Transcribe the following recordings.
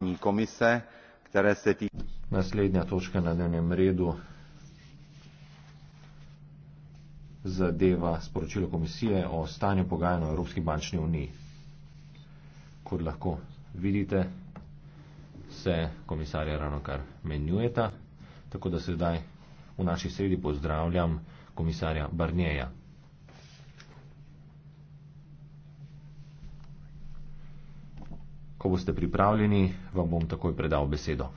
usnesení komise, které se týká... Naslednja točka na dnevnem redu zadeva sporočilo komisije o stanju pogajanj o Evropski bančni uniji. Kot lahko vidite, se komisarja ravno kar menjujeta, tako da sedaj v naši sredi pozdravljam komisarja Barnjeja. Ko boste pripravljeni, vam bom takoj predal besedo.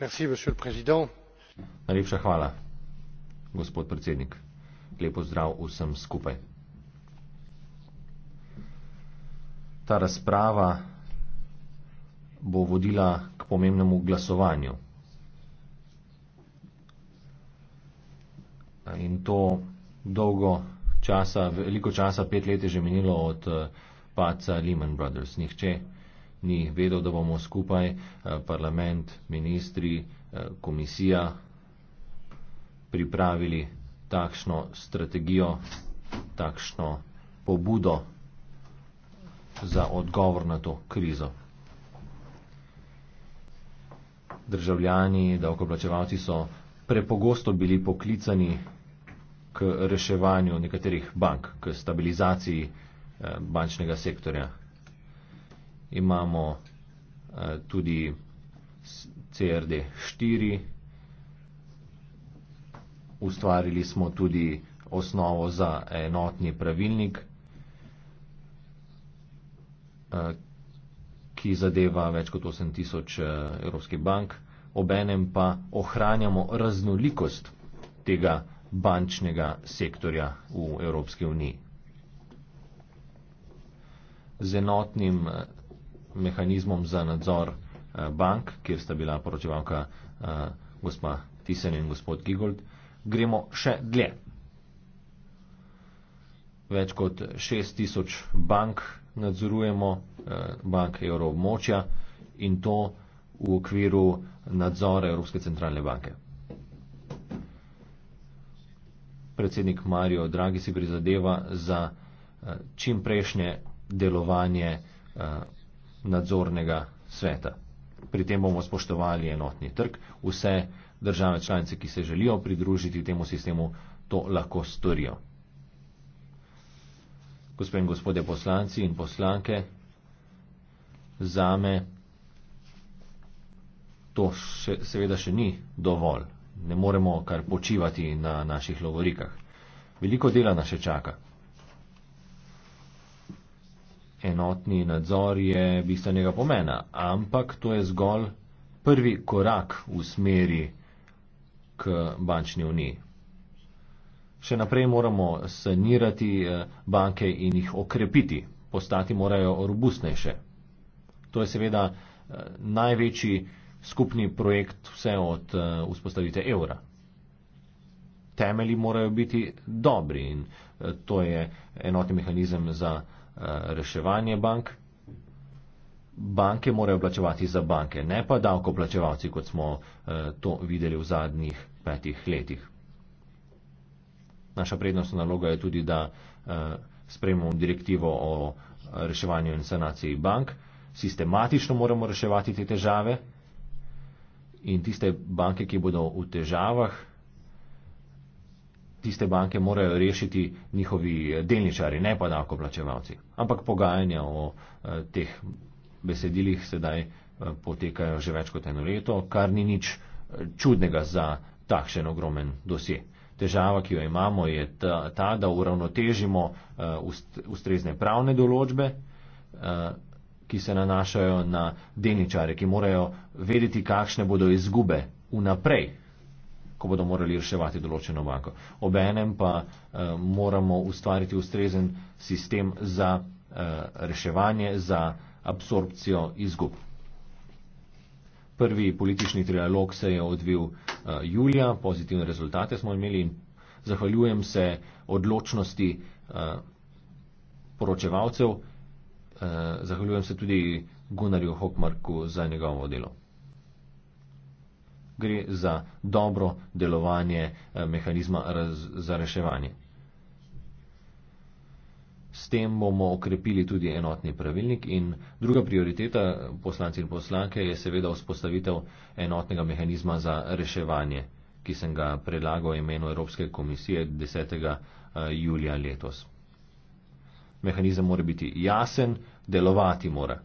Merci, Najlepša hvala, gospod predsednik. Lepo zdrav vsem skupaj. Ta razprava bo vodila k pomembnemu glasovanju. In to dolgo časa, veliko časa, pet let je že minilo od eh, paca Lehman Brothers. Nihče ni vedel, da bomo skupaj, eh, parlament, ministri, eh, komisija, pripravili takšno strategijo, takšno pobudo za odgovor na to krizo. Državljani, davkoplačevalci so prepogosto bili poklicani k reševanju nekaterih bank, k stabilizaciji bančnega sektorja. Imamo eh, tudi CRD 4, ustvarili smo tudi osnovo za enotni pravilnik, eh, ki zadeva več kot 8000 eh, evropskih bank, obenem pa ohranjamo raznolikost tega bančnega sektorja v Evropski uniji z enotnim eh, mehanizmom za nadzor eh, bank, kjer sta bila poročevalka eh, gospa Tisen in gospod Gigold, gremo še dlje. Več kot 6000 bank nadzorujemo, bank evroobmočja in to v okviru nadzora Evropske centralne banke. Predsednik Mario Dragi si prizadeva za čim prejšnje delovanje eh, nadzornega sveta. Pri tem bomo spoštovali enotni trg. Vse države članice, ki se želijo pridružiti temu sistemu, to lahko storijo. Gospe in gospode poslanci in poslanke, zame to še, seveda še ni dovolj. Ne moremo kar počivati na naših logorikah. Veliko dela nas še čaka enotni nadzor je bistvenega pomena, ampak to je zgolj prvi korak v smeri k bančni uniji. Še naprej moramo sanirati eh, banke in jih okrepiti, postati morajo robustnejše. To je seveda eh, največji skupni projekt vse od eh, vzpostavite evra. Temelji morajo biti dobri in to je enotni mehanizem za. Eh, reševanje bank. Banke morajo plačevati za banke, ne pa davkoplačevalci, kot smo eh, to videli v zadnjih petih letih. Naša prednostna naloga je tudi, da eh, sprejmemo direktivo o reševanju in sanaciji bank. Sistematično moramo reševati te težave in tiste banke, ki bodo v težavah, tiste banke morajo rešiti njihovi delničari, ne pa davkoplačevalci. Ampak pogajanja o eh, teh besedilih sedaj eh, potekajo že več kot eno leto, kar ni nič eh, čudnega za takšen ogromen dosje. Težava, ki jo imamo, je ta, ta da uravnotežimo ustrezne pravne določbe, ki se nanašajo na delničare, ki morajo vedeti, kakšne bodo izgube vnaprej ko bodo morali reševati določeno banko. Obenem pa uh, moramo ustvariti ustrezen sistem za uh, reševanje, za absorpcijo izgub. Prvi politični trialog se je odvil uh, julija, pozitivne rezultate smo imeli in zahvaljujem se odločnosti uh, poročevalcev, uh, zahvaljujem se tudi Gunarju Hokmarku za njegovo delo gre za dobro delovanje eh, mehanizma za reševanje. S tem bomo okrepili tudi enotni pravilnik in druga prioriteta poslanci in poslanke je seveda vzpostavitev enotnega mehanizma za reševanje, ki sem ga predlagal imenu Evropske komisije 10. Eh, julija letos. Mehanizem mora biti jasen, delovati mora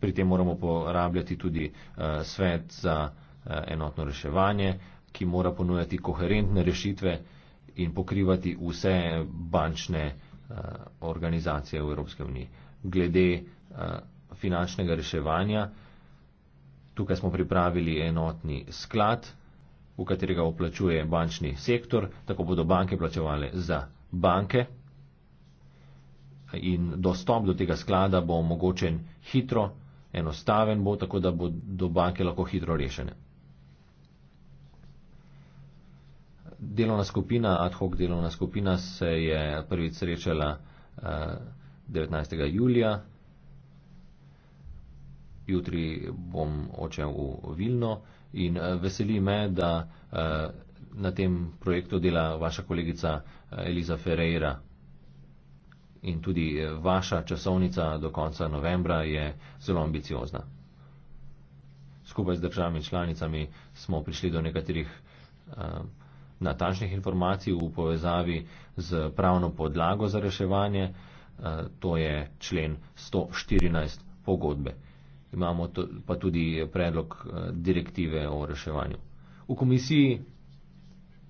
pri tem moramo porabljati tudi uh, svet za uh, enotno reševanje, ki mora ponujati koherentne rešitve in pokrivati vse bančne uh, organizacije v Evropske unije. Glede uh, finančnega reševanja, tukaj smo pripravili enotni sklad, v katerega oplačuje bančni sektor, tako bodo banke plačevale za banke. In dostop do tega sklada bo omogočen hitro enostaven bo, tako da bo do banke lahko hitro rešene. Delovna skupina, ad hoc delovna skupina se je prvič srečala 19. Eh, julija. Jutri bom očel v Vilno in eh, veseli me, da eh, na tem projektu dela vaša kolegica Eliza Ferreira in tudi eh, vaša časovnica do konca novembra je zelo ambiciozna. Skupaj z državami članicami smo prišli do nekaterih uh, natančnih informacij v povezavi z pravno podlago za reševanje, uh, to je člen 114 pogodbe. Imamo to, pa tudi predlog uh, direktive o reševanju. V komisiji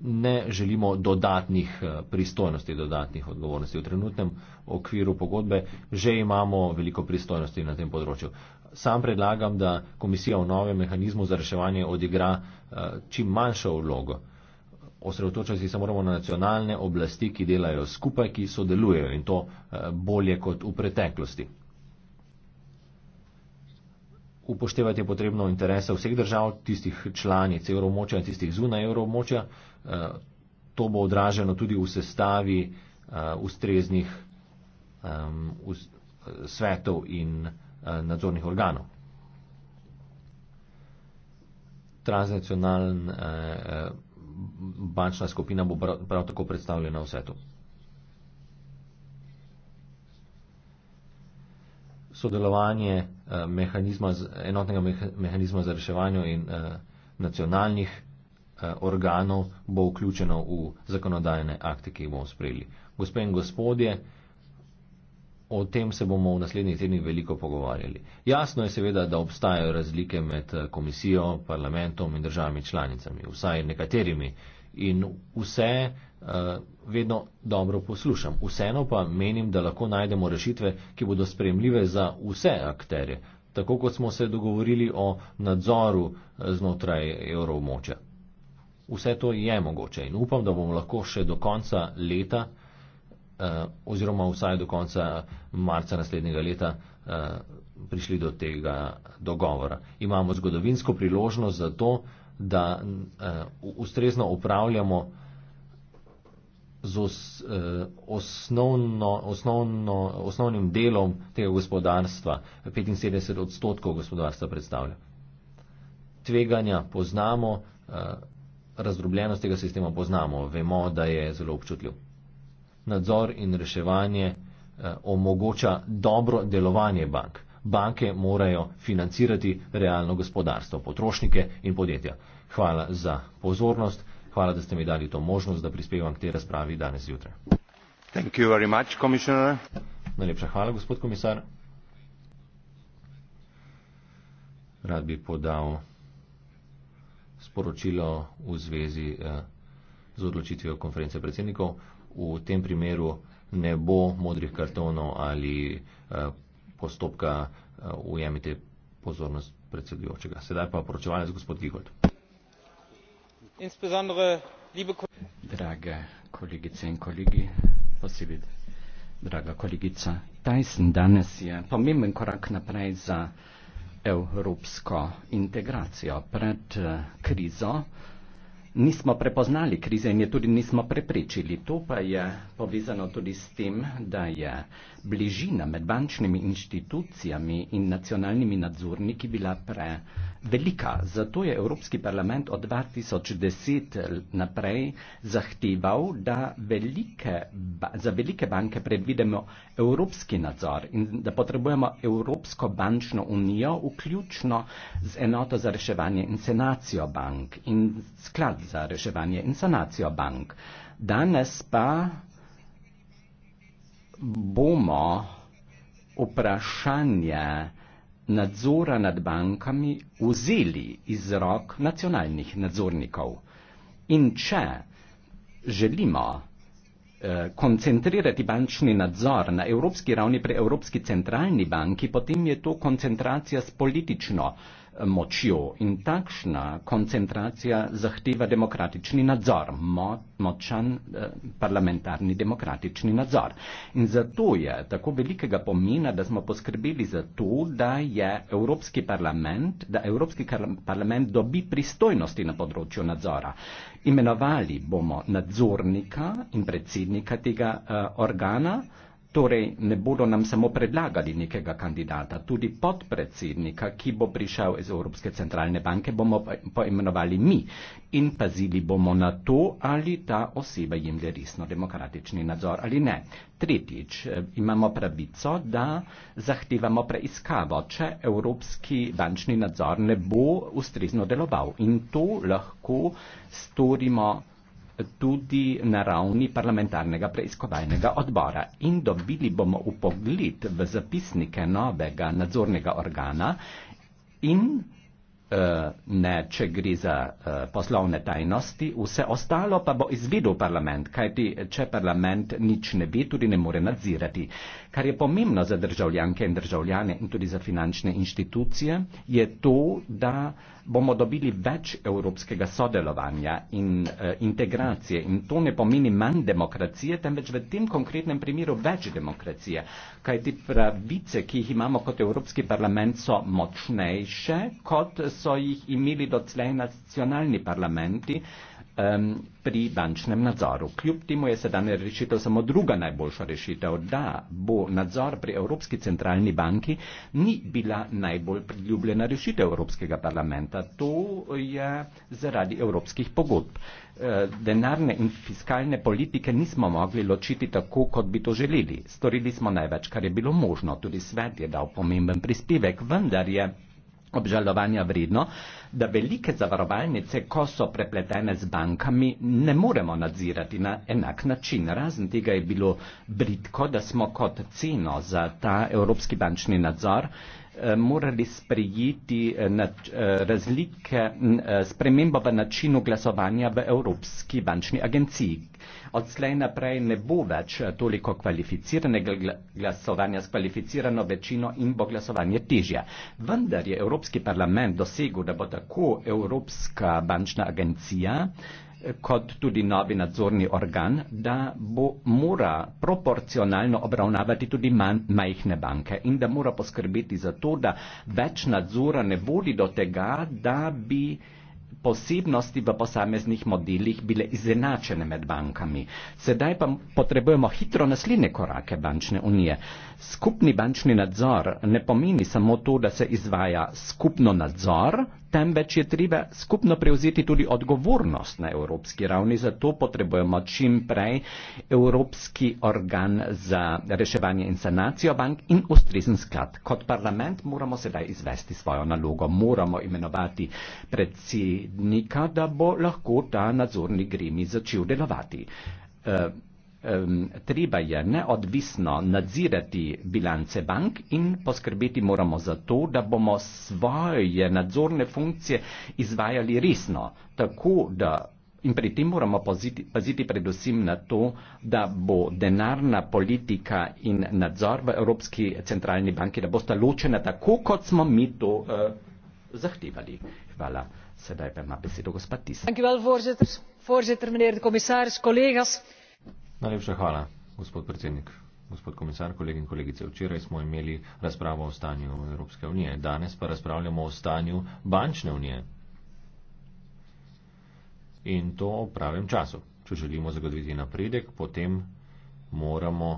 ne želimo dodatnih eh, pristojnosti, dodatnih odgovornosti. V trenutnem okviru pogodbe že imamo veliko pristojnosti na tem področju. Sam predlagam, da komisija v novem mehanizmu za reševanje odigra eh, čim manjšo vlogo. Osredotočiti se moramo na nacionalne oblasti, ki delajo skupaj, ki sodelujejo in to eh, bolje kot v preteklosti. Upoštevati je potrebno interese vseh držav, tistih članic evromočja in tistih zunaj evromočja, Eh, to bo odraženo tudi v sestavi eh, ustreznih svetov in eh, nadzornih organov. Transnacionalna bančna skupina bo prav tako predstavljena v svetu. Sodelovanje mehanizma, enotnega mehanizma za reševanje in nacionalnih Eh, organov bo vključeno v zakonodajne akte, ki jih bomo sprejeli. Gospe in gospodje, o tem se bomo v naslednjih tednih veliko pogovarjali. Jasno je seveda, da obstajajo razlike med eh, komisijo, parlamentom in državami članicami, vsaj nekaterimi. In vse eh, vedno dobro poslušam. Vseeno pa menim, da lahko najdemo rešitve, ki bodo spremljive za vse akterje. Tako kot smo se dogovorili o nadzoru znotraj evroobmočja. Vse to je mogoče in upam, da bomo lahko še do konca leta eh, oziroma vsaj do konca marca naslednjega leta eh, prišli do tega dogovora. Imamo zgodovinsko priložnost za to, da eh, ustrezno upravljamo z os, eh, osnovno, osnovno, osnovnim delom tega gospodarstva. 75 odstotkov gospodarstva predstavlja. Tveganja poznamo. Eh, razdrobljenost tega sistema poznamo, vemo, da je zelo občutljiv. Nadzor in reševanje eh, omogoča dobro delovanje bank. Banke morajo financirati realno gospodarstvo, potrošnike in podjetja. Hvala za pozornost, hvala, da ste mi dali to možnost, da prispevam k tej razpravi danes zjutraj. Najlepša hvala, gospod komisar. Rad bi podal sporočilo v zvezi eh, z odločitvijo konference predsednikov. V tem primeru ne bo modrih kartonov ali eh, postopka eh, ujemite pozornost predsedujočega. Sedaj pa poročevalec gospod Gigold. Drage kolegice in kolegi, posebej draga kolegica, Tyson danes je pomemben korak naprej za evropsko integracijo. Pred eh, krizo nismo prepoznali krize in je tudi nismo preprečili. To pa je povezano tudi s tem, da je bližina med bančnimi inštitucijami in nacionalnimi nadzorniki bila pre velika. Zato je Evropski parlament od 2010 naprej zahteval, da velike, za velike banke predvidemo evropski nadzor in da potrebujemo Evropsko bančno unijo, vključno z enoto za reševanje in sanacijo bank in sklad za reševanje in sanacijo bank. Danes pa bomo vprašanje nadzora nad bankami vzeli iz rok nacionalnih nadzornikov. In če želimo eh, koncentrirati bančni nadzor na evropski ravni pri Evropski centralni banki, potem je to koncentracija s politično eh, močjo in takšna koncentracija zahteva demokratični nadzor, mo, močan eh, parlamentarni demokratični nadzor. In zato je tako velikega pomena, da smo poskrbeli za to, da je Evropski parlament, da Evropski parlament dobi pristojnosti na področju nadzora. Imenovali bomo nadzornika in predsednika tega eh, organa, Torej, ne bodo nam samo predlagali nekega kandidata, tudi podpredsednika, ki bo prišel iz Evropske centralne banke, bomo poimenovali mi in pazili bomo na to, ali ta oseba jemlje resno demokratični nadzor ali ne. Tretjič, eh, imamo pravico, da zahtevamo preiskavo, če Evropski bančni nadzor ne bo ustrezno deloval in to lahko storimo tudi na ravni parlamentarnega preiskovalnega odbora. In dobili bomo upogled v zapisnike novega nadzornega organa in eh, ne, če gre za eh, poslovne tajnosti, vse ostalo pa bo izvedel parlament, kajti če parlament nič ne ve, tudi ne more nadzirati. Kar je pomembno za državljanke in državljane in tudi za finančne inštitucije, je to, da bomo dobili več evropskega sodelovanja in e, integracije. In to ne pomeni manj demokracije, temveč v tem konkretnem primeru več demokracije. Kaj ti pravice, ki jih imamo kot Evropski parlament, so močnejše, kot so jih imeli doclej nacionalni parlamenti um, pri bančnem nadzoru. Kljub temu je sedanja rešitev samo druga najboljša rešitev, da bo nadzor pri Evropski centralni banki ni bila najbolj priljubljena rešitev Evropskega parlamenta. To je zaradi evropskih pogodb. E, denarne in fiskalne politike nismo mogli ločiti tako, kot bi to želeli. Storili smo največ, kar je bilo možno. Tudi svet je dal pomemben prispevek, vendar je obžalovanja vredno, da velike zavarovalnice, ko so prepletene z bankami, ne moremo nadzirati na enak način. Razen tega je bilo britko, da smo kot ceno za ta evropski bančni nadzor eh, Eh, morali sprejeti eh, nač, eh, razlike, spremembo v načinu glasovanja v Evropski bančni agenciji. Od slej naprej ne bo več toliko kvalificiranega glasovanja s kvalificirano večino in bo glasovanje težje. Vendar je Evropski parlament dosegel, da bo tako Evropska bančna agencija eh, kot tudi novi nadzorni organ, da bo mora proporcionalno obravnavati tudi manj, majhne banke in da mora poskrbeti za to, da več nadzora ne vodi do tega, da bi posebnosti v posameznih modelih bile izenačene med bankami. Sedaj pa potrebujemo hitro naslednje korake bančne unije. Skupni bančni nadzor ne pomeni samo to, da se izvaja skupno nadzor, temveč je treba skupno prevzeti tudi odgovornost na evropski ravni. Zato potrebujemo čim prej Evropski organ za reševanje in sanacijo bank in ustrezen sklad. Kot parlament moramo sedaj izvesti svojo nalogo, moramo imenovati predsednika, da bo lahko ta nadzorni gremi začel delovati. Uh, treba je neodvisno nadzirati bilance bank in poskrbeti moramo za to, da bomo svoje nadzorne funkcije izvajali resno, tako da in pri tem moramo paziti, paziti predvsem na to, da bo denarna politika in nadzor v Evropski centralni banki, da bosta ločena tako, kot smo mi to uh, zahtevali. Hvala. Sedaj pa ima besedo gospod Tis. Hvala, voorzitter. Voorzitter, mijnheer de commissaris, collega's. Najlepša hvala, gospod predsednik. Gospod komisar, kolegi in kolegice, včeraj smo imeli razpravo o stanju Evropske unije, danes pa razpravljamo o stanju bančne unije. In to v pravem času. Če želimo zagotoviti napredek, potem moramo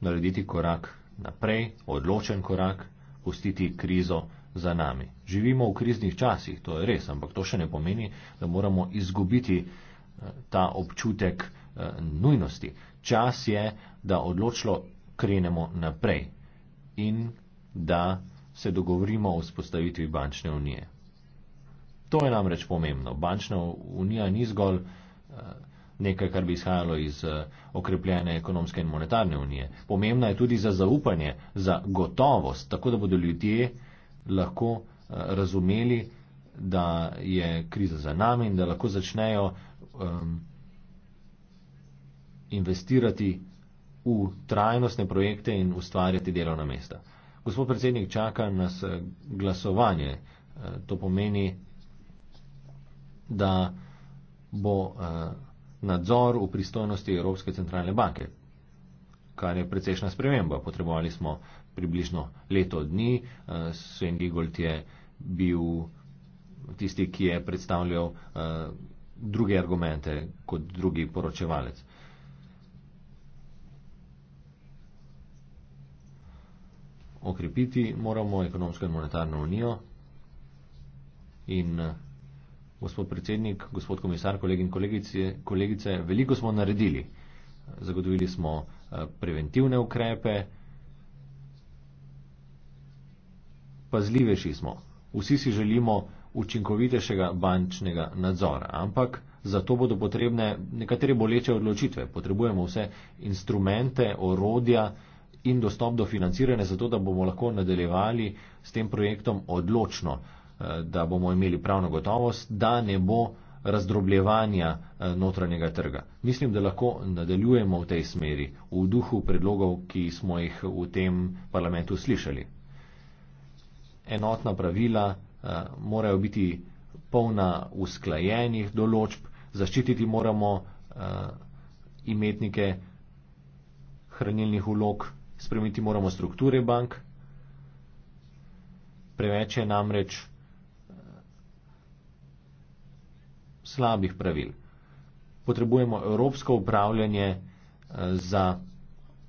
narediti korak naprej, odločen korak, pustiti krizo za nami. Živimo v kriznih časih, to je res, ampak to še ne pomeni, da moramo izgubiti ta občutek eh, nujnosti. Čas je, da odločno krenemo naprej in da se dogovorimo o vzpostavitvi bančne unije. To je namreč pomembno. Bančna unija ni zgolj eh, nekaj, kar bi izhajalo iz eh, okrepljene ekonomske in monetarne unije. Pomembna je tudi za zaupanje, za gotovost, tako da bodo ljudje lahko razumeli, da je kriza za nami in da lahko začnejo um, investirati v trajnostne projekte in ustvarjati delovna mesta. Gospod predsednik, čaka nas eh, glasovanje. Eh, to pomeni, da bo eh, nadzor v pristojnosti Evropske centralne banke, kar je precejšna sprememba. Potrebovali smo približno leto dni. Sven Gigolt je bil tisti, ki je predstavljal uh, druge argumente kot drugi poročevalec. Okrepiti moramo ekonomsko in monetarno unijo in eh, gospod predsednik, gospod komisar, kolegi in kolegice, kolegice, veliko smo naredili. Zagotovili smo eh, preventivne ukrepe, pazljivejši smo. Vsi si želimo učinkovitejšega bančnega nadzora. Ampak zato bodo potrebne nekatere boleče odločitve. Potrebujemo vse instrumente, orodja in dostop do financiranja, zato da bomo lahko nadaljevali s tem projektom odločno, eh, da bomo imeli pravno gotovost, da ne bo razdrobljevanja eh, notranjega trga. Mislim, da lahko nadaljujemo v tej smeri, v duhu predlogov, ki smo jih v tem parlamentu slišali. Enotna pravila, Eh, morajo biti polna usklajenih določb, zaščititi moramo eh, imetnike hranilnih ulog, spremeniti moramo strukture bank. Preveč je namreč eh, slabih pravil. Potrebujemo evropsko upravljanje za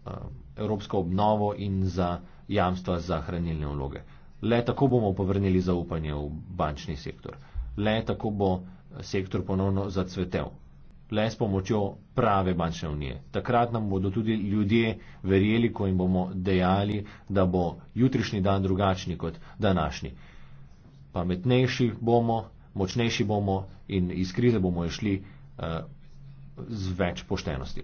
evropsko obnovo in za jamstva za hranilne vloge. Le tako bomo povrnili zaupanje v bančni sektor. Le tako bo sektor ponovno zacvetel. Le s pomočjo prave bančne unije. Takrat nam bodo tudi ljudje verjeli, ko jim bomo dejali, da bo jutrišnji dan drugačni kot današnji. Pametnejši bomo, močnejši bomo in iz krize bomo išli uh, eh, z več poštenosti.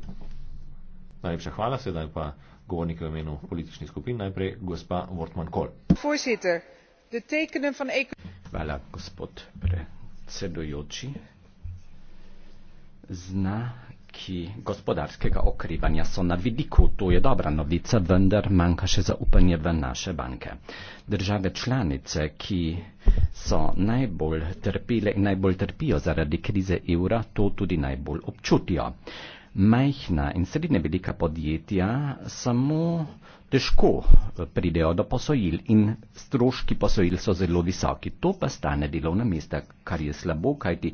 Najlepša hvala, sedaj pa govornik v imenu političnih skupin, najprej gospa Wortman Kohl. Hvala, gospod predsedujoči. Znaki gospodarskega okrivanja so na vidiku, to je dobra novica, vendar manjka še zaupanje v naše banke. Države članice, ki so najbolj trpile in najbolj trpijo zaradi krize evra, to tudi najbolj občutijo majhna in srednje velika podjetja samo težko pridejo do posojil in stroški posojil so zelo visoki. To pa stane delovna mesta, kar je slabo, kajti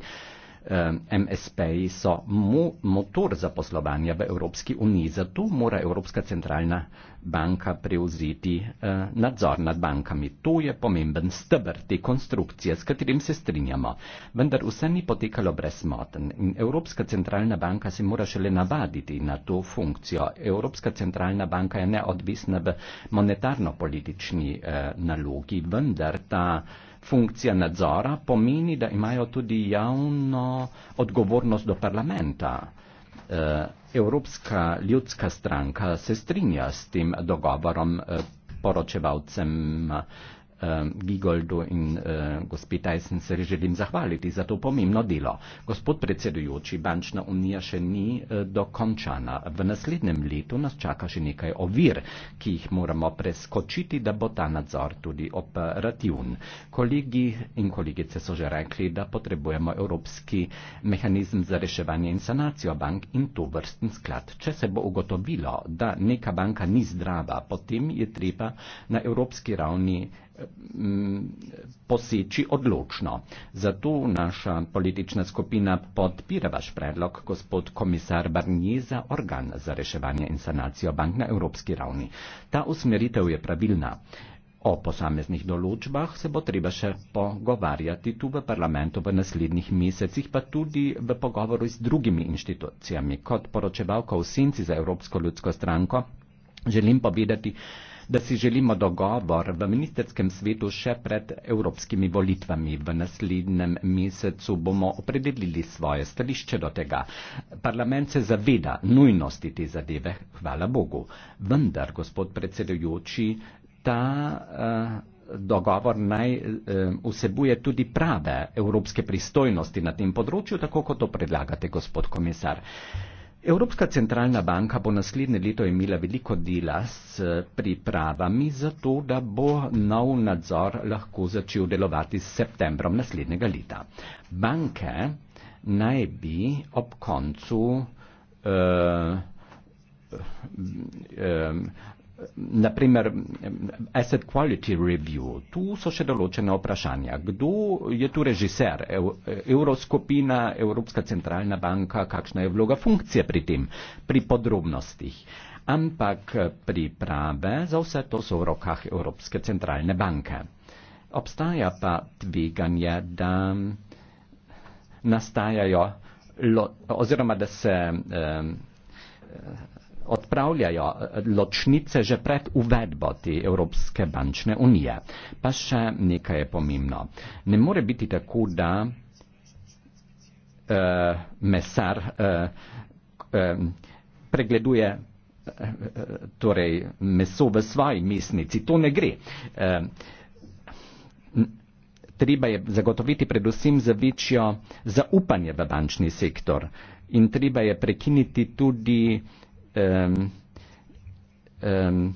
MSP so mu, motor zaposlovanja v Evropski uniji, zato mora Evropska centralna banka prevzeti eh, nadzor nad bankami. To je pomemben stebr te konstrukcije, s katerim se strinjamo. Vendar vse ni potekalo brezmoten in Evropska centralna banka se mora šele navaditi na to funkcijo. Evropska centralna banka je neodvisna v monetarno-politični eh, nalogi, vendar ta eh, funkcija nadzora pomeni, da imajo tudi javno odgovornost do parlamenta. Eh, Evropska ljudska stranka se strinja s tem dogovorom eh, poročevalcem uh, Gigoldu in uh, eh, gospi Tyson se želim zahvaliti za to pomembno delo. Gospod predsedujoči, bančna unija še ni uh, dokončana. V naslednjem letu nas čaka še nekaj ovir, ki jih moramo preskočiti, da bo ta nadzor tudi operativen. Kolegi in kolegice so že rekli, da potrebujemo evropski mehanizem za reševanje in sanacijo bank in to vrsten sklad. Če se bo ugotovilo, da neka banka ni zdrava, potem je treba na evropski ravni Mm, poseči odločno. Zato naša politična skupina podpira vaš predlog, gospod komisar Barnier, za organ za reševanje in sanacijo bank na evropski ravni. Ta usmeritev je pravilna. O posameznih določbah se bo treba še pogovarjati tu v parlamentu v naslednjih mesecih, pa tudi v pogovoru z drugimi inštitucijami. Kot poročevalka v Senci za Evropsko ljudsko stranko želim povedati, da si želimo dogovor v ministerskem svetu še pred evropskimi volitvami. V naslednjem mesecu bomo opredelili svoje stališče do tega. Parlament se zaveda nujnosti te zadeve, hvala Bogu. Vendar, gospod predsedujoči, ta. Uh, Dogovor naj eh, vsebuje eh, tudi prave evropske pristojnosti na tem področju, tako kot to predlagate, gospod komisar. Eh, Evropska centralna banka bo naslednje leto imela veliko dela s pripravami za to, da bo nov nadzor lahko začel delovati s septembrom naslednjega leta. Banke naj bi ob koncu uh, na primer asset quality review, tu so še določene vprašanja. Kdo je tu režiser? Evroskopina, Evropska centralna banka, kakšna je vloga funkcije pri tem, pri podrobnostih? Ampak priprave za vse to so v rokah Evropske centralne banke. Obstaja pa tveganje, da nastajajo oziroma da se eh, odpravljajo eh, ločnice že pred uvedbo te Evropske bančne unije. Pa še nekaj je pomembno. Ne more biti tako, da eh, mesar eh, eh, pregleduje eh, torej meso v svoji mesnici. To ne gre. Eh, treba je zagotoviti predvsem za večjo zaupanje v bančni sektor. In treba je prekiniti tudi eh, um, um,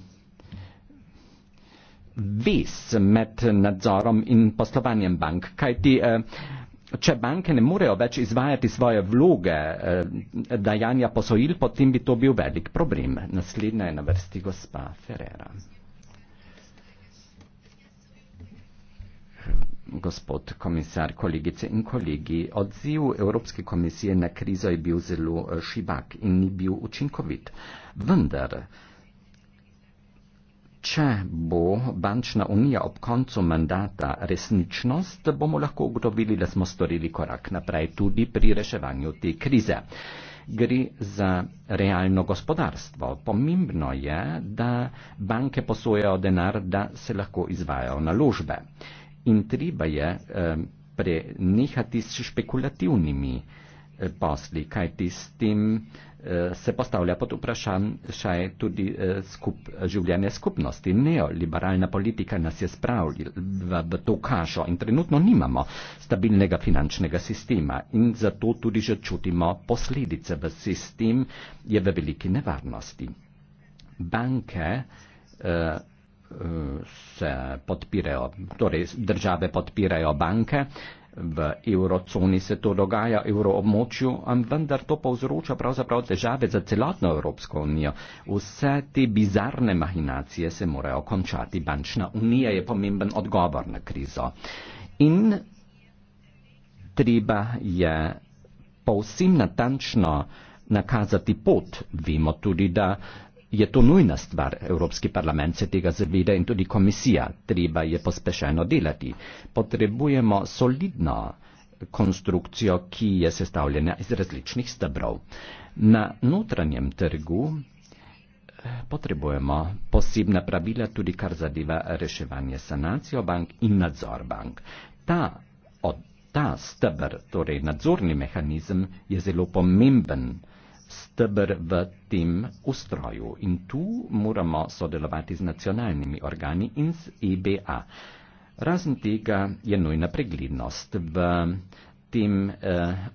vez med nadzorom in poslovanjem bank. Kajti, uh, Če banke ne morejo več izvajati svoje vloge eh, dajanja posojil, potem bi to bil velik problem. Naslednja je na vrsti gospa Ferrera gospod komisar, kolegice in kolegi. Odziv Evropske komisije na krizo je bil zelo eh, šibak in ni bil učinkovit. Vendar, če bo bančna unija ob koncu mandata resničnost, bomo lahko ugotovili, da smo storili korak naprej tudi pri reševanju te krize. Gre za realno gospodarstvo. Pomembno je, da banke posojajo denar, da se lahko izvajajo naložbe in treba je prenehati s špekulativnimi eh, posli, kajti s tem eh, se postavlja pod vprašanje tudi eh, skup, življenje skupnosti. Neoliberalna politika nas je spravila v to kašo in trenutno nimamo stabilnega finančnega sistema in zato tudi že čutimo posledice v sistem, je v veliki nevarnosti. Banke se podpirajo, torej države podpirajo banke, v eurozoni se to dogaja, v euroobmočju, vendar to povzroča pravzaprav težave za celotno Evropsko unijo. Vse te bizarne mahinacije se morajo končati. Bančna unija je pomemben odgovor na krizo. In treba je povsem natančno nakazati pot. Vemo tudi, da je to nujna stvar, Evropski parlament se tega zaveda in tudi komisija, treba je pospešeno delati. Potrebujemo solidno konstrukcijo, ki je sestavljena iz različnih stebrov. Na notranjem trgu eh, potrebujemo posebna pravila tudi kar zadeva reševanje sanacijo bank in nadzor bank. Ta, od, ta stebr, torej nadzorni mehanizem, je zelo pomemben stebr v tem ustroju in tu moramo sodelovati z nacionalnimi organi in z EBA. Razen tega je nujna preglednost v tem eh,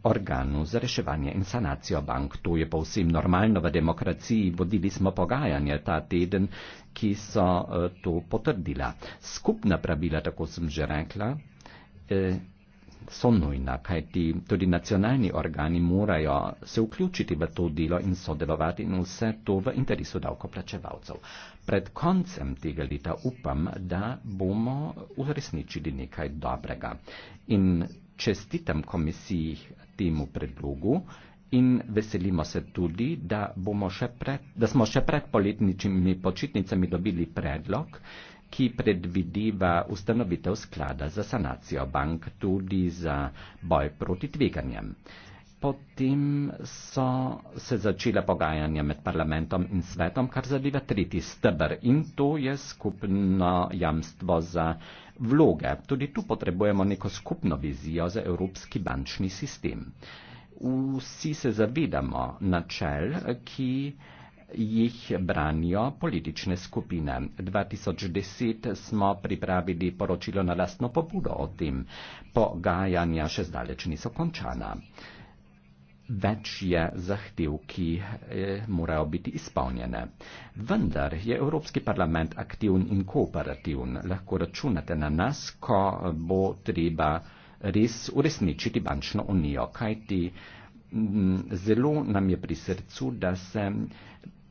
organu za reševanje in sanacijo bank. To je povsem normalno v demokraciji. Vodili smo pogajanja ta teden, ki so eh, to potrdila. Skupna pravila, tako sem že rekla, eh, so nujna, kajti tudi nacionalni organi morajo se vključiti v to delo in sodelovati in vse to v interesu davkoplačevalcev. Pred koncem tega leta upam, da bomo uresničili nekaj dobrega. In čestitam komisiji temu predlogu in veselimo se tudi, da, pred, da smo še pred poletničnimi počitnicami dobili predlog, ki predvideva ustanovitev sklada za sanacijo bank tudi za boj proti tveganjem. Potem so se začele pogajanja med parlamentom in svetom, kar zadeva tretji stebr in to je skupno jamstvo za vloge. Tudi tu potrebujemo neko skupno vizijo za evropski bančni sistem. Vsi se zavedamo načel, ki jih branijo politične skupine. 2010 smo pripravili poročilo na lastno pobudo o tem. Pogajanja še zdaleč niso končana. Več je zahtev, ki eh, morajo biti izpolnjene. Vendar je Evropski parlament aktivn in kooperativn. Lahko računate na nas, ko bo treba res uresničiti bančno unijo, kajti Mm, zelo nam je pri srcu, da se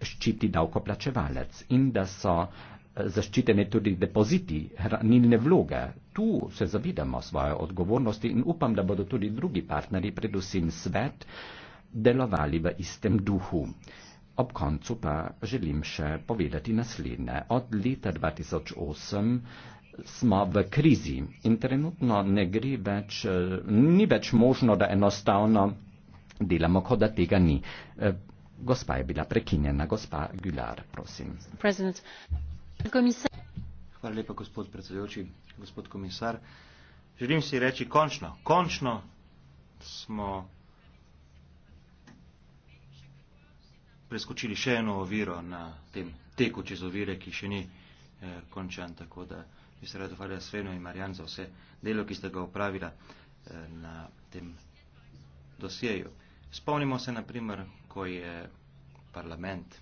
ščiti davkoplačevalec in da so eh, zaščitene tudi depoziti, hranilne vloge. Tu se zavidamo svoje odgovornosti in upam, da bodo tudi drugi partnerji, predvsem svet, delovali v istem duhu. Ob koncu pa želim še povedati naslednje. Od leta 2008 smo v krizi in trenutno ne gre več, eh, ni več možno, da enostavno delamo kot da tega ni. Eh, gospa je bila prekinjena. Gospa Gülar, prosim. Hvala lepa, gospod predsedujoči, gospod komisar. Želim si reči, končno, končno smo preskočili še eno oviro na tem teku čez ovire, ki še ni eh, končan, tako da bi se rad zahvalila Sveno in Marjan za vse delo, ki ste ga upravila eh, na tem dosjeju. Spomnimo se, naprimer, ko je parlament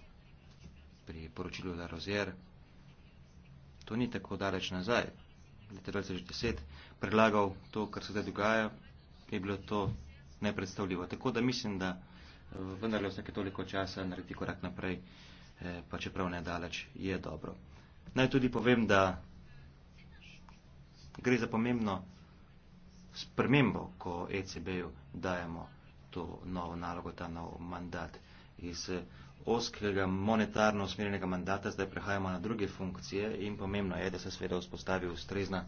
pri poročilu La Rozier, to ni tako daleč nazaj, leta 2010, predlagal to, kar se zdaj dogaja, je bilo to nepredstavljivo. Tako da mislim, da eh, vendarle vsake toliko časa narediti korak naprej, eh, pa čeprav ne daleč, je dobro. Naj tudi povem, da gre za pomembno spremembo, ko ECB-ju dajemo to novo nalogo, ta nov mandat. Iz oskega monetarno usmerjenega mandata zdaj prehajamo na druge funkcije in pomembno je, da se sveda vzpostavi ustrezna,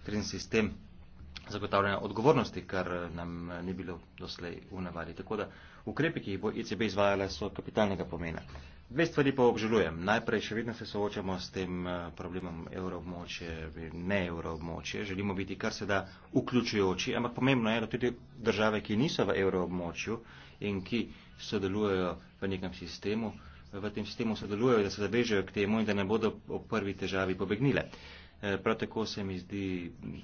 ustrezen sistem zagotavljanja odgovornosti, kar nam ni bilo doslej unavali. Tako da ukrepi, ki jih bo ECB izvajala, so kapitalnega pomena. Dve stvari pa obžalujem. Najprej še vedno se soočamo s tem eh, problemom evroobmoče, ne evroobmoče. Želimo biti kar se da vključujoči, ampak pomembno je, da tudi države, ki niso v evroobmočju in ki sodelujejo v nekem sistemu, v tem sistemu sodelujejo, da se zavežejo k temu in da ne bodo ob prvi težavi pobegnile. Eh, prav tako se mi zdi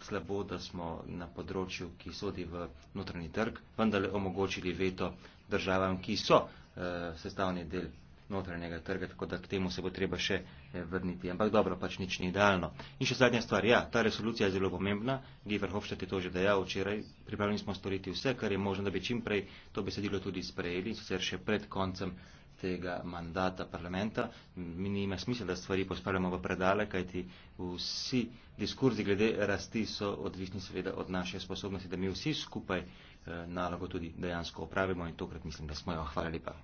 slabo, da smo na področju, ki sodi v notranji trg, vendarle omogočili veto državam, ki so eh, sestavni del notranjega trga, tako da k temu se bo treba še eh, vrniti. Ampak dobro, pač nič ni idealno. In še zadnja stvar, ja, ta resolucija je zelo pomembna, Giver Hofstadt je to že dejal včeraj, pripravljeni smo storiti vse, kar je možno, da bi čim prej to besedilo tudi sprejeli, sicer še pred koncem tega mandata parlamenta. Mi nima smisla, da stvari pospravljamo v predale, kajti vsi diskurzi glede rasti so odvisni seveda od naše sposobnosti, da mi vsi skupaj eh, nalogo tudi dejansko opravimo in tokrat mislim, da smo jo. Hvala lepa.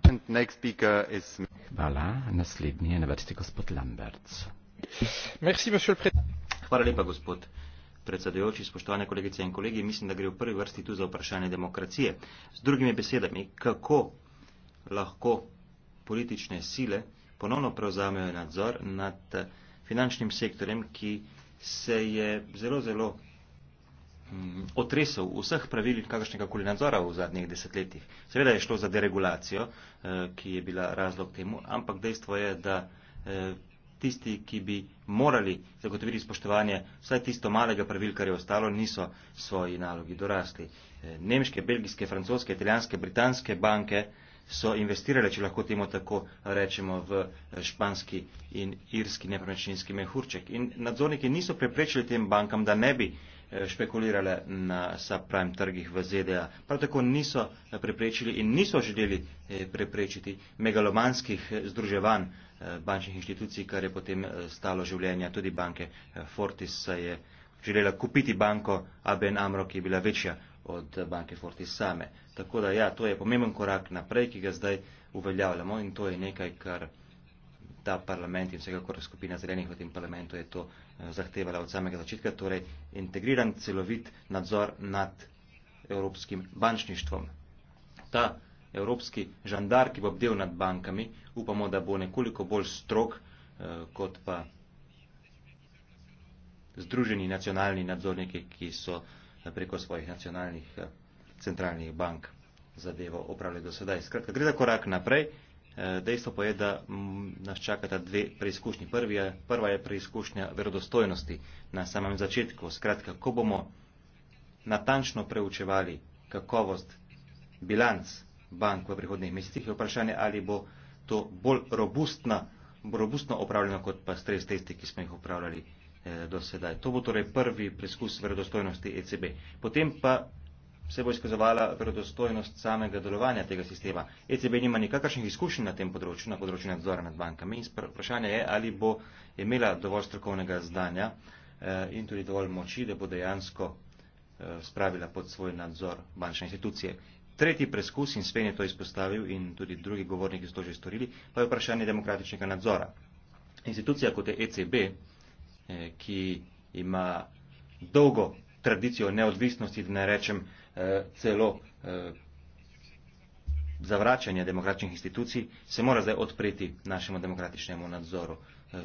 Hvala. Naslednji je na vrsti gospod Lambert. Hvala lepa, gospod predsedujoči, spoštovane kolegice in kolegi. Mislim, da gre v prvi vrsti tu za vprašanje demokracije. Z drugimi besedami, kako lahko politične sile ponovno prevzamejo nadzor nad eh, finančnim sektorjem, ki se je zelo, zelo mm, otresel vseh pravil kakršnega koli nadzora v zadnjih desetletjih. Seveda je šlo za deregulacijo, eh, ki je bila razlog temu, ampak dejstvo je, da eh, tisti, ki bi morali zagotoviti spoštovanje vsaj tisto malega pravil, kar je ostalo, niso svoji nalogi dorasli. Nemške, belgijske, francoske, italijanske, britanske banke so investirale, če lahko temu tako rečemo, v eh, španski in irski nepremičninski mehurček. In nadzorniki niso preprečili tem bankam, da ne bi eh, špekulirale na subprime trgih v ZDA. Prav tako niso eh, preprečili in niso želeli preprečiti megalomanskih združevanj bančnih inštitucij, kar je potem stalo življenja tudi banke. Fortis je želela kupiti banko ABN Amro, ki je bila večja od banke Fortis same. Tako da ja, to je pomemben korak naprej, ki ga zdaj uveljavljamo in to je nekaj, kar ta parlament in vsekakor skupina zelenih v tem parlamentu je to eh, zahtevala od samega začetka, torej integriran celovit nadzor nad evropskim bančništvom. Ta evropski žandar, ki bo bdel nad bankami, upamo, da bo nekoliko bolj strok eh, kot pa združeni nacionalni nadzorniki, ki so preko svojih nacionalnih eh, centralnih bank zadevo opravljali do sedaj. Skratka, gre za korak naprej. Eh, dejstvo pa je, da mm, nas čakata dve preizkušnji. Prvi je, prva je preizkušnja verodostojnosti na samem začetku. Skratka, ko bomo natančno preučevali kakovost bilanc bank v prihodnih mesecih, je vprašanje, ali bo to bolj robustna, robustno opravljeno kot pa stres testi, ki smo jih opravljali. Eh, do sedaj. To bo torej prvi preskus verodostojnosti ECB. Potem pa se bo izkazovala verodostojnost samega delovanja tega sistema. ECB nima nikakršnih izkušenj na tem področju, na področju nadzora nad bankami. In vprašanje je, ali bo imela dovolj strokovnega znanja eh, in tudi dovolj moči, da bo dejansko eh, spravila pod svoj nadzor bančne institucije. Tretji preskus, in Sven je to izpostavil in tudi drugi govorniki so to že storili, pa je vprašanje demokratičnega nadzora. Institucija kot je ECB, Eh, ki ima dolgo tradicijo neodvisnosti, da ne rečem eh, celo eh, zavračanje demokratičnih institucij, se mora zdaj odpreti našemu demokratičnemu nadzoru.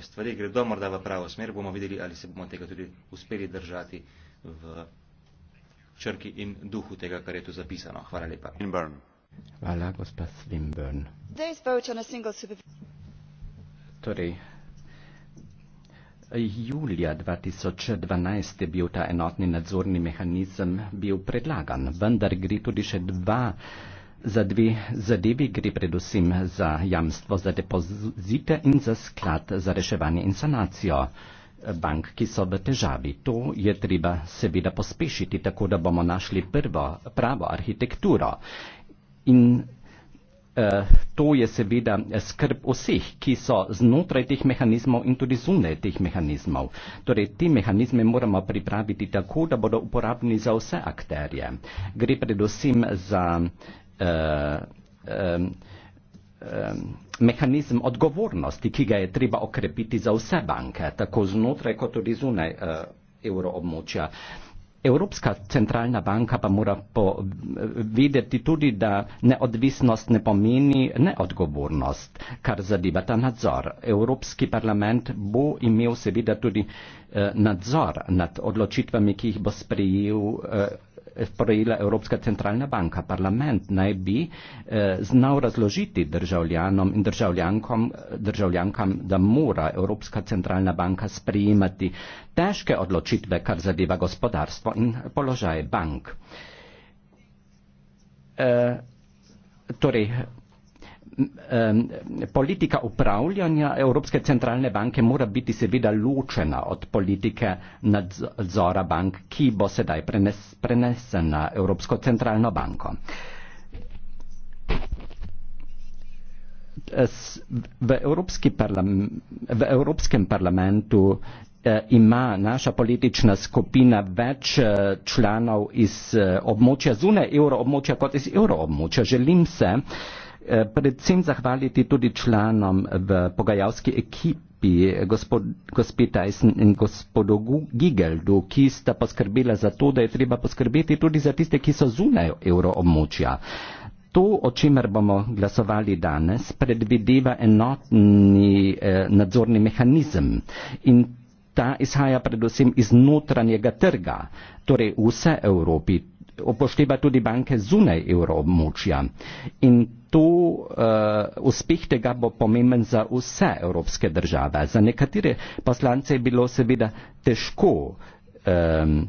Stvari gredo morda v pravo smer, bomo videli, ali se bomo tega tudi uspeli držati v črki in duhu tega, kar je tu zapisano. Hvala lepa. Inburn. Hvala, gospod Svimburn. Torej, Julija 2012 je bil ta enotni nadzorni mehanizem bil predlagan, vendar gre tudi še dva. Za dve zadevi gre predvsem za jamstvo za depozite in za sklad za reševanje in sanacijo bank, ki so v težavi. To je treba seveda pospešiti, tako da bomo našli prvo pravo arhitekturo. In Eh, to je seveda skrb vseh, ki so znotraj teh mehanizmov in tudi zunaj teh mehanizmov. Torej, te mehanizme moramo pripraviti tako, da bodo uporabni za vse akterje. Gre predvsem za uh, um, um, mehanizem odgovornosti, ki ga je treba okrepiti za vse banke, tako znotraj kot tudi zunaj uh, evroobmočja. Uh, Evropska centralna banka pa mora povedati tudi, da neodvisnost ne pomeni neodgovornost, kar zadeva ta nadzor. Evropski parlament bo imel seveda tudi eh, nadzor nad odločitvami, ki jih bo sprejel. Eh, Eh, sprejela Evropska centralna banka. Parlament naj bi eh, znal razložiti državljanom in eh, državljankam, da mora Evropska centralna banka sprejemati težke odločitve, kar zadeva gospodarstvo in položaj bank. Eh, torej, um, politika upravljanja Evropske centralne banke mora biti seveda ločena od politike nadzora bank, ki bo sedaj prenes, prenesena na Evropsko centralno banko. V, parlament, v Evropskem parlamentu eh, ima naša politična skupina več eh, članov iz eh, območja zune evroobmočja kot iz evroobmočja. Želim se eh, Eh, predvsem zahvaliti tudi članom v pogajalski ekipi, gospod, gospod Tyson in gospodu Gigeldu, ki sta poskrbela za to, da je treba poskrbeti tudi za tiste, ki so zunaj euroobmočja. To, o čemer bomo glasovali danes, predvideva enotni eh, nadzorni mehanizem in ta izhaja predvsem iz notranjega trga, torej vse Evropi, upošteva tudi banke zunaj evroobmočja to uh, uspeh tega bo pomemben za vse evropske države. Za nekatere poslance je bilo seveda težko um,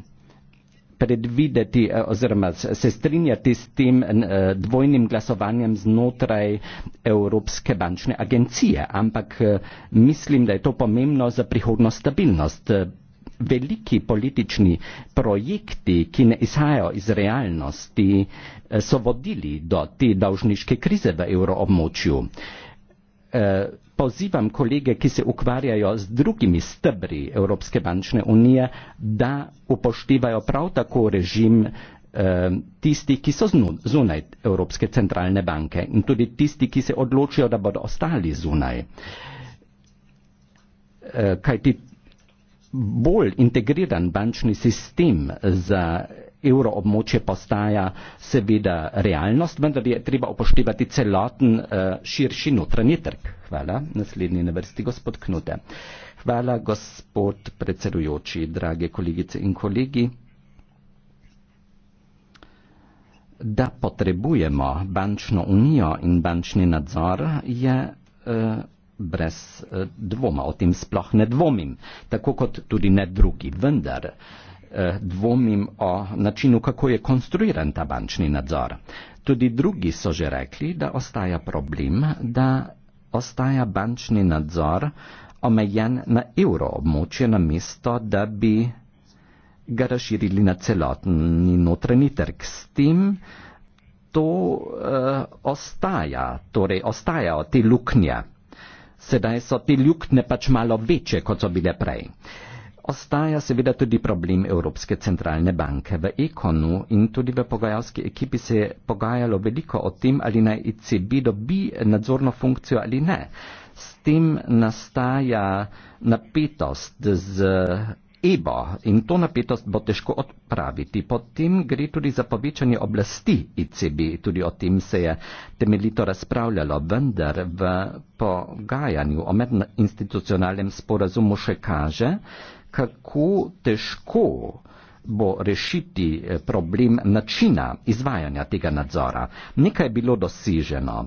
predvideti eh, oziroma se strinjati s tem uh, dvojnim glasovanjem znotraj Evropske bančne agencije, ampak uh, mislim, da je to pomembno za prihodno stabilnost. Uh, veliki politični projekti, ki ne izhajajo iz realnosti, eh, so vodili do te dolžniške krize v evroobmočju. Eh, pozivam kolege, ki se ukvarjajo z drugimi stebri Evropske bančne unije, da upoštevajo prav tako režim eh, tistih, ki so zunaj Evropske centralne banke in tudi tisti, ki se odločijo, da bodo ostali zunaj. Kaj ti bolj integriran bančni sistem za evroobmočje postaja seveda realnost, vendar je treba upoštevati celoten eh, širši notranji trg. Hvala. Naslednji na vrsti gospod Knute. Hvala, gospod predsedujoči, drage kolegice in kolegi. Da potrebujemo bančno unijo in bančni nadzor, je eh, brez eh, dvoma, o tem sploh ne dvomim, tako kot tudi ne drugi, vendar eh, dvomim o načinu, kako je konstruiran ta bančni nadzor. Tudi drugi so že rekli, da ostaja problem, da ostaja bančni nadzor omejen na evroobmočje, namesto da bi ga razširili na celotni notranji trg. S tem to uh, ostaja, torej ostajajo te luknje sedaj so te luknje pač malo večje, kot so bile prej. Ostaja seveda tudi problem Evropske centralne banke. V Ekonu in tudi v pogajalski ekipi se je pogajalo veliko o tem, ali naj ECB dobi nadzorno funkcijo ali ne. S tem nastaja napetost z Eba in to napetost bo težko odpraviti. Potem gre tudi za povečanje oblasti ICB, tudi o tem se je temeljito razpravljalo, vendar v pogajanju o medinstitucionalnem sporazumu še kaže, kako težko bo rešiti eh, problem načina izvajanja tega nadzora. Nekaj je bilo doseženo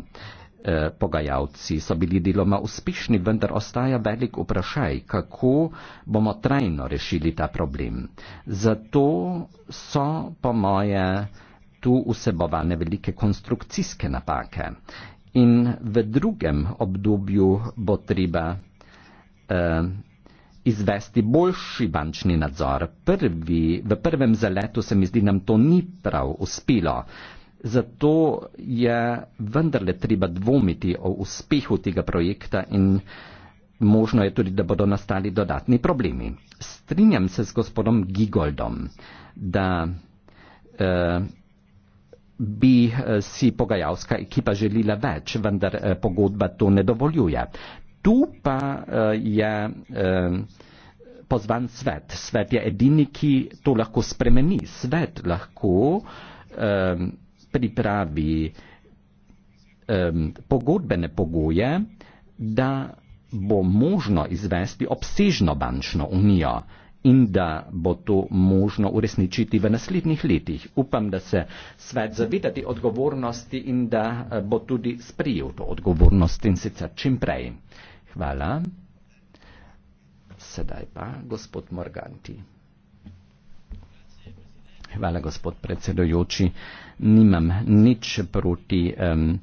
eh, pogajalci so bili deloma uspešni, vendar ostaja velik vprašaj, kako bomo trajno rešili ta problem. Zato so, po moje, tu vsebovane velike konstrukcijske napake. In v drugem obdobju bo treba eh, izvesti boljši bančni nadzor. Prvi, v prvem zaletu se mi zdi, nam to ni prav uspelo. Zato je vendarle treba dvomiti o uspehu tega projekta in možno je tudi, da bodo nastali dodatni problemi. Strinjam se s gospodom Gigoldom, da eh, bi eh, si pogajalska ekipa želila več, vendar eh, pogodba to ne dovoljuje. Tu pa eh, je eh, pozvan svet. Svet je edini, ki to lahko spremeni. Svet lahko. Eh, pripravi um, pogodbene pogoje, da bo možno izvesti obsežno bančno unijo in da bo to možno uresničiti v naslednjih letih. Upam, da se svet zaveda te odgovornosti in da eh, bo tudi sprijel to odgovornost in sicer čim prej. Hvala. Sedaj pa gospod Morganti. Hvala, gospod predsedojoči. Nimam nič proti um,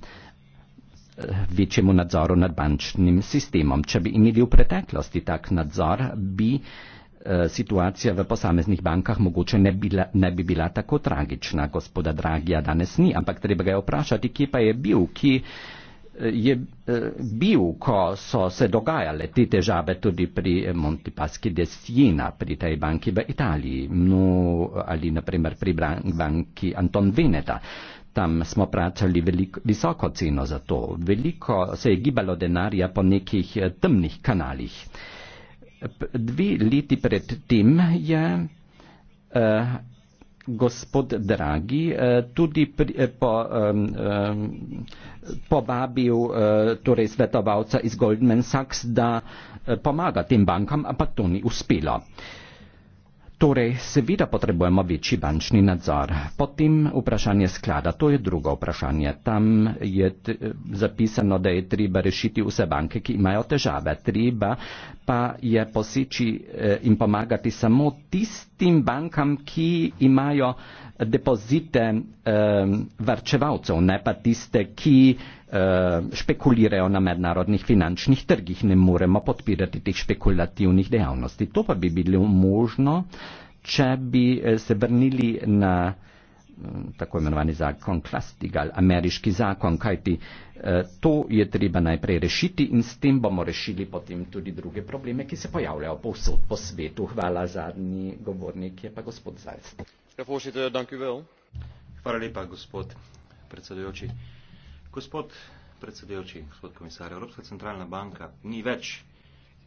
večjemu nadzoru nad bančnim sistemom. Če bi imeli v preteklosti tak nadzor, bi eh, situacija v posameznih bankah mogoče ne, bila, ne bi bila tako tragična. Gospoda Dragija danes ni, ampak treba ga je vprašati, kje pa je bil, kje, je eh, bil, ko so se dogajale te težave tudi pri Monti Paschi de Siena, pri tej banki v Italiji, no, ali naprimer pri banki Anton Veneta. Tam smo plačali visoko ceno za to. Veliko se je gibalo denarja po nekih eh, temnih kanalih. Dve leti pred tem je uh, gospod Dragi eh, tudi pri, eh, po, um, um, povabil eh, torej svetovalca iz Goldman Sachs, da pomaga tem bankam, ampak to ni uspelo. Uh, Torej, seveda potrebujemo večji bančni nadzor. Potem vprašanje sklada, to je drugo vprašanje. Tam je zapisano, da je treba rešiti vse banke, ki imajo težave. Treba pa je poseči eh, in pomagati samo tistim bankam, ki imajo depozite um, varčevalcev, ne pa tiste, ki uh, Eh, špekulirajo na mednarodnih finančnih trgih. Ne moremo podpirati teh špekulativnih dejavnosti. To pa bi bilo možno, če bi eh, se vrnili na mm, tako imenovani zakon Klastigal, ameriški zakon, kajti eh, to je treba najprej rešiti in s tem bomo rešili potem tudi druge probleme, ki se pojavljajo povsod po svetu. Hvala zadnji govornik, je pa gospod Zajc. Ja, Hvala lepa, gospod predsedujoči. Gospod predsedujoči, gospod komisar, Evropska centralna banka ni več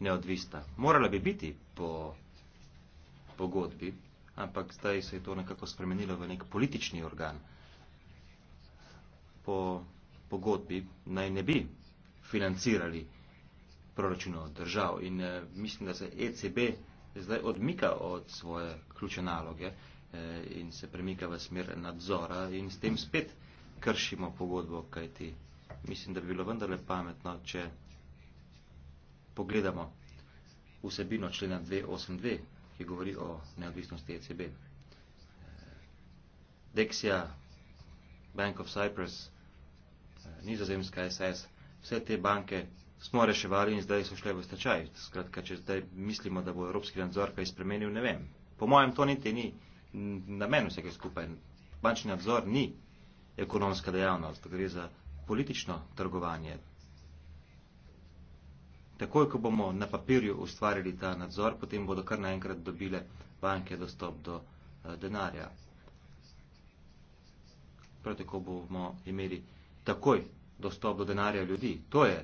neodvista. Morala bi biti po pogodbi, ampak zdaj se je to nekako spremenilo v nek politični organ. Po pogodbi naj ne bi financirali proračuno držav in eh, mislim, da se ECB zdaj odmika od svoje ključne naloge eh, in se premika v smer nadzora in s tem spet eh, kršimo pogodbo, kajti mislim, da bi bilo vendarle pametno, če pogledamo vsebino člena 282, ki govori o neodvisnosti ECB. Eh, Dexia, Bank of Cyprus, eh, nizozemska SS, vse te banke smo reševali in zdaj so šle v stečaj. Skratka, če zdaj mislimo, da bo evropski nadzor kaj spremenil, ne vem. Po mojem, to niti ni namen vsega skupaj. Bančni nadzor ni ekonomska dejavnost, gre za politično trgovanje. Takoj, ko bomo na papirju ustvarili ta nadzor, potem bodo kar naenkrat dobile banke dostop do eh, denarja. Prav tako bomo imeli takoj dostop do denarja ljudi. To je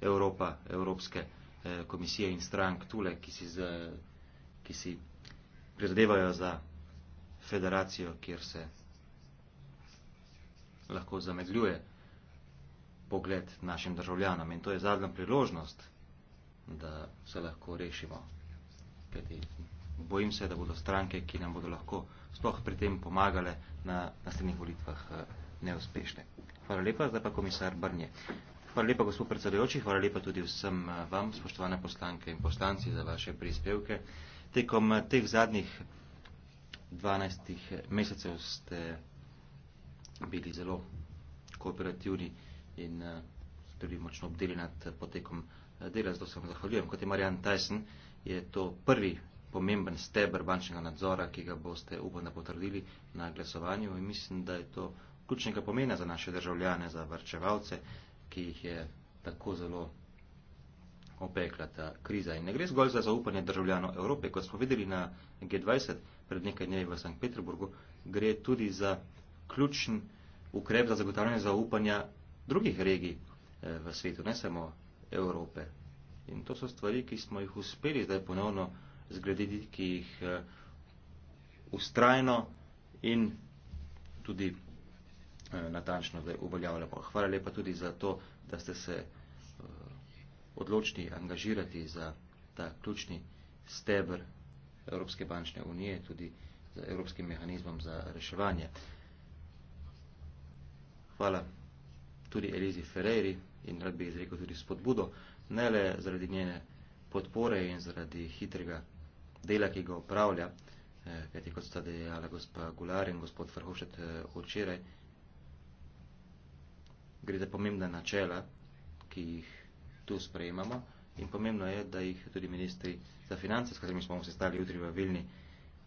Evropa, Evropske eh, komisije in strank tule, ki si, z, ki si prizadevajo za federacijo, kjer se lahko zamegljuje pogled našim državljanom in to je zadnja priložnost, da se lahko rešimo. Kajti bojim se, da bodo stranke, ki nam bodo lahko sploh pri tem pomagale na naslednjih volitvah eh, neuspešne. Hvala lepa, zdaj pa komisar Barnje. Hvala lepa, gospod predsedujoči, hvala lepa tudi vsem eh, vam, spoštovane poslanke in poslanci, za vaše prispevke. Tekom eh, teh zadnjih 12 mesecev ste bili zelo kooperativni in tudi eh, močno obdeli nad eh, potekom eh, dela. Zato se vam zahvaljujem. Kot je Marjan Tyson, je to prvi pomemben steber bančnega nadzora, ki ga boste upodno potrdili na glasovanju in mislim, da je to ključnega pomena za naše državljane, za vrčevalce, ki jih je tako zelo opekla ta kriza. In ne gre zgolj za zaupanje državljanov Evrope, kot smo videli na G20 pred nekaj dnevi v Sankt Peterburgu, gre tudi za ključen ukrep za zagotavljanje zaupanja drugih regij eh, v svetu, ne samo Evrope. In to so stvari, ki smo jih uspeli zdaj ponovno zgraditi, ki jih eh, ustrajno in tudi eh, natančno zdaj uveljavljamo. Hvala lepa tudi za to, da ste se odločni angažirati za ta ključni stebr Evropske bančne unije, tudi za Evropskim mehanizmom za reševanje. Hvala tudi Elizi Ferreri in rad bi izrekel tudi spodbudo, ne le zaradi njene podpore in zaradi hitrega dela, ki ga upravlja, eh, kajti kot sta dejala gospa Gular in gospod Frhošet eh, včeraj, gre za pomembna načela, ki jih tu sprejemamo in pomembno je, da jih tudi ministri za finance, s katerimi smo se stali jutri v Vilni,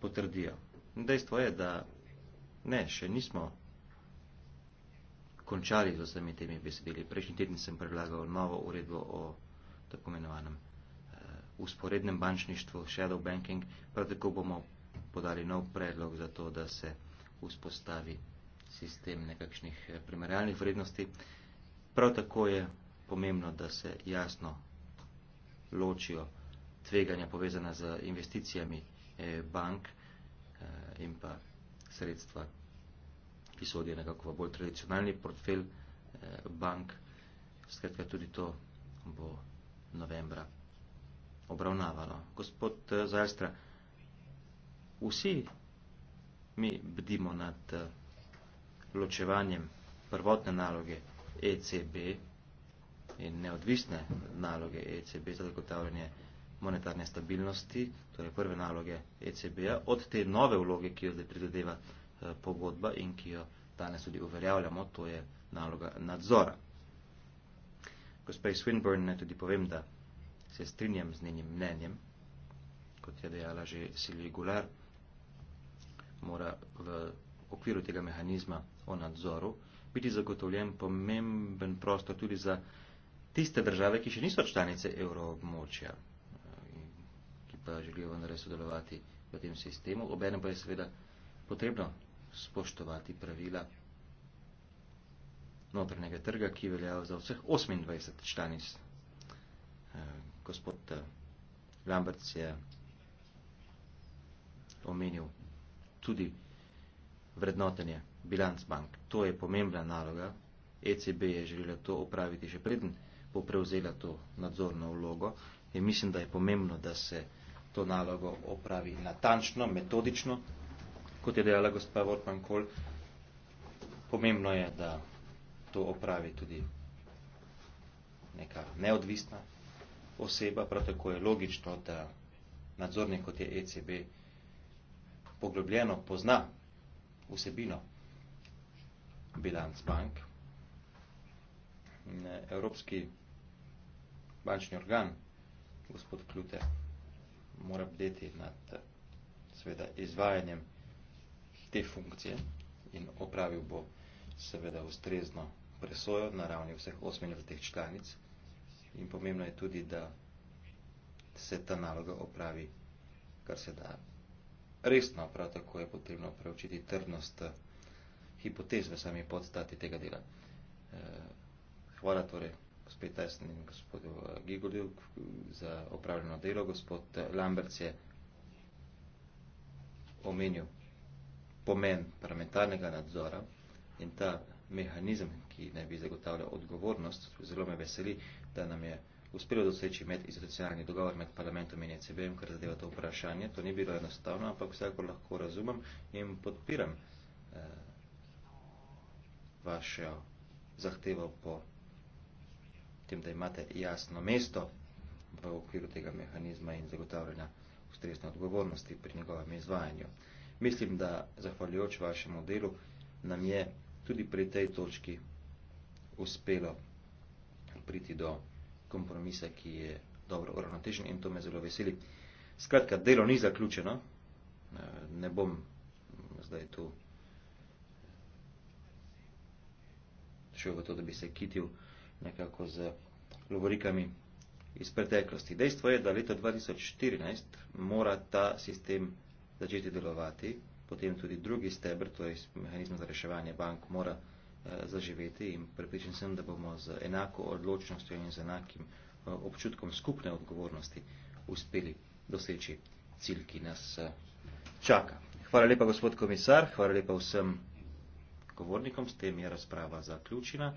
potrdijo. Dejstvo je, da ne, še nismo končali z vsemi temi besedili. Prejšnji teden sem predlagal novo uredbo o tako imenovanem uh, eh, usporednem bančništvu, shadow banking, prav tako bomo podali nov predlog za to, da se vzpostavi sistem nekakšnih eh, primerjalnih vrednosti. Prav tako je pomembno, da se jasno ločijo tveganja povezana z investicijami eh, bank in pa sredstva, ki sodijo nekako v bolj tradicionalni portfelj eh, bank. Skratka, tudi to bo novembra obravnavalo. Gospod eh, Zajstra, vsi mi bdimo nad eh, ločevanjem prvotne naloge ECB in neodvisne naloge ECB za zagotavljanje monetarne stabilnosti, torej prve naloge ECB-a, od te nove vloge, ki jo zdaj predvideva Eh, pogodba in ki jo danes tudi uveljavljamo, to je naloga nadzora. Gospej Swinburne ne tudi povem, da se strinjam z njenim mnenjem, kot je dejala že Silvi Gular, mora v okviru tega mehanizma o nadzoru biti zagotovljen pomemben prostor tudi za tiste države, ki še niso članice evroobmočja, eh, ki pa želijo vendar sodelovati v tem sistemu. Obenem pa je seveda potrebno spoštovati pravila notrnega trga, ki veljajo za vseh 28 članic. Eh, gospod eh, Lambert je omenil tudi vrednotenje bilanc bank. To je pomembna naloga. ECB je želela to opraviti še preden bo prevzela to nadzorno vlogo in mislim, da je pomembno, da se to nalogo opravi natančno, metodično, kot je dejala gospa Vortman Kol, pomembno je, da to opravi tudi neka neodvisna oseba, prav tako je logično, da nadzornik kot je ECB poglobljeno pozna vsebino bilanc bank. Eh, Evropski bančni organ, gospod Klute, mora bdeti nad seveda izvajanjem te funkcije in opravil bo seveda ustrezno presojo na ravni vseh osmenjavteh članic in pomembno je tudi, da se ta naloga opravi, kar se da resno, prav tako je potrebno preučiti trdnost eh, hipotez v sami podstati tega dela. Eh, hvala torej gospod Tesn in gospod eh, Gigolju za opravljeno delo. Gospod Lambert je omenil pomen parlamentarnega nadzora in ta mehanizem, ki naj bi zagotavljal odgovornost, zelo me veseli, da nam je uspelo doseči med institucionalni dogovor med parlamentom in ECB-em, kar zadeva to vprašanje. To ni bilo enostavno, ampak vsako lahko razumem in podpiram eh, vaše zahtevo po tem, da imate jasno mesto v okviru tega mehanizma in zagotavljanja ustrezne odgovornosti pri njegovem izvajanju. Eh, Mislim, da zahvaljujoč vašemu delu nam je tudi pri tej točki uspelo priti do kompromisa, ki je dobro uravnotežen in to me zelo veseli. Skratka, delo ni zaključeno, ne bom zdaj tu šel v to, da bi se kitil nekako z govorikami iz preteklosti. Dejstvo je, da leta 2014 mora ta sistem začeti delovati, potem tudi drugi stebr, to je mehanizem za reševanje bank, mora eh, zaživeti in prepričan sem, da bomo z enako odločnostjo in z enakim eh, občutkom skupne odgovornosti uspeli doseči cilj, ki nas eh, čaka. Hvala lepa, gospod komisar, hvala lepa vsem govornikom, s tem je razprava zaključena.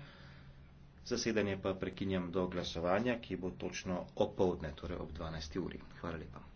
Zasedanje pa prekinjam do glasovanja, ki bo točno opoldne, torej ob 12. uri. Hvala lepa.